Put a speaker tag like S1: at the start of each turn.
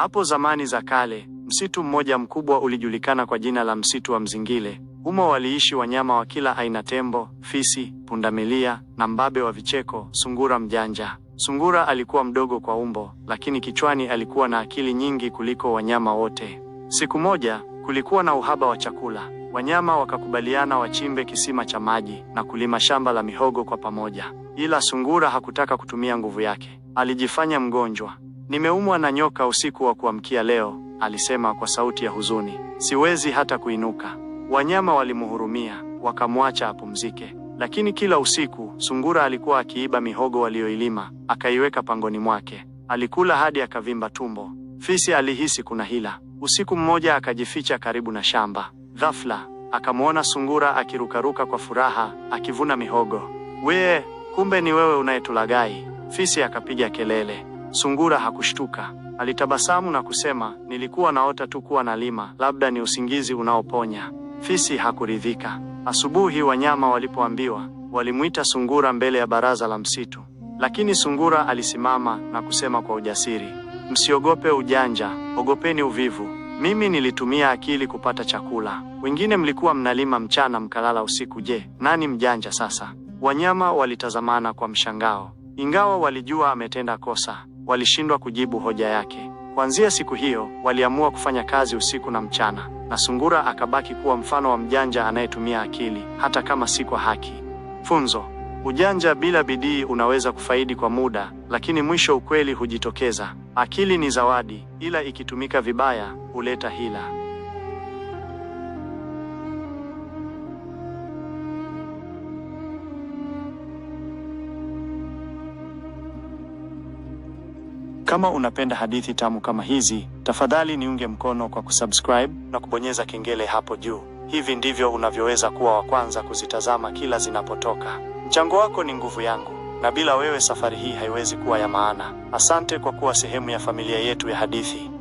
S1: Hapo zamani za kale, msitu mmoja mkubwa ulijulikana kwa jina la msitu wa Mzingile. Humo waliishi wanyama wa kila aina: tembo, fisi, pundamilia na mbabe wa vicheko, sungura mjanja. Sungura alikuwa mdogo kwa umbo, lakini kichwani alikuwa na akili nyingi kuliko wanyama wote. Siku moja, kulikuwa na uhaba wa chakula. Wanyama wakakubaliana wachimbe kisima cha maji na kulima shamba la mihogo kwa pamoja. Ila sungura hakutaka kutumia nguvu yake, alijifanya mgonjwa. Nimeumwa na nyoka usiku wa kuamkia leo, alisema kwa sauti ya huzuni. Siwezi hata kuinuka. Wanyama walimhurumia, wakamwacha apumzike. Lakini kila usiku sungura alikuwa akiiba mihogo walioilima, akaiweka pangoni mwake. Alikula hadi akavimba tumbo. Fisi alihisi kuna hila. Usiku mmoja akajificha karibu na shamba. Ghafla akamwona sungura akirukaruka kwa furaha, akivuna mihogo. Wee, kumbe ni wewe unayetulagai! Fisi akapiga kelele. Sungura hakushtuka. Alitabasamu na kusema, nilikuwa naota tu kuwa nalima, labda ni usingizi unaoponya. Fisi hakuridhika. Asubuhi wanyama walipoambiwa, walimwita Sungura mbele ya baraza la msitu. Lakini Sungura alisimama na kusema kwa ujasiri, msiogope ujanja, ogopeni uvivu. Mimi nilitumia akili kupata chakula. Wengine mlikuwa mnalima mchana mkalala usiku. Je, nani mjanja sasa? Wanyama walitazamana kwa mshangao, ingawa walijua ametenda kosa walishindwa kujibu hoja yake. Kuanzia siku hiyo, waliamua kufanya kazi usiku na mchana, na Sungura akabaki kuwa mfano wa mjanja anayetumia akili hata kama si kwa haki. Funzo: ujanja bila bidii unaweza kufaidi kwa muda, lakini mwisho ukweli hujitokeza. Akili ni zawadi, ila ikitumika vibaya huleta hila.
S2: Kama unapenda hadithi tamu kama hizi, tafadhali niunge mkono kwa kusubscribe na kubonyeza kengele hapo juu. Hivi ndivyo unavyoweza kuwa wa kwanza kuzitazama kila zinapotoka. Mchango wako ni nguvu yangu, na bila wewe safari hii haiwezi kuwa ya maana. Asante kwa kuwa sehemu ya familia yetu ya hadithi.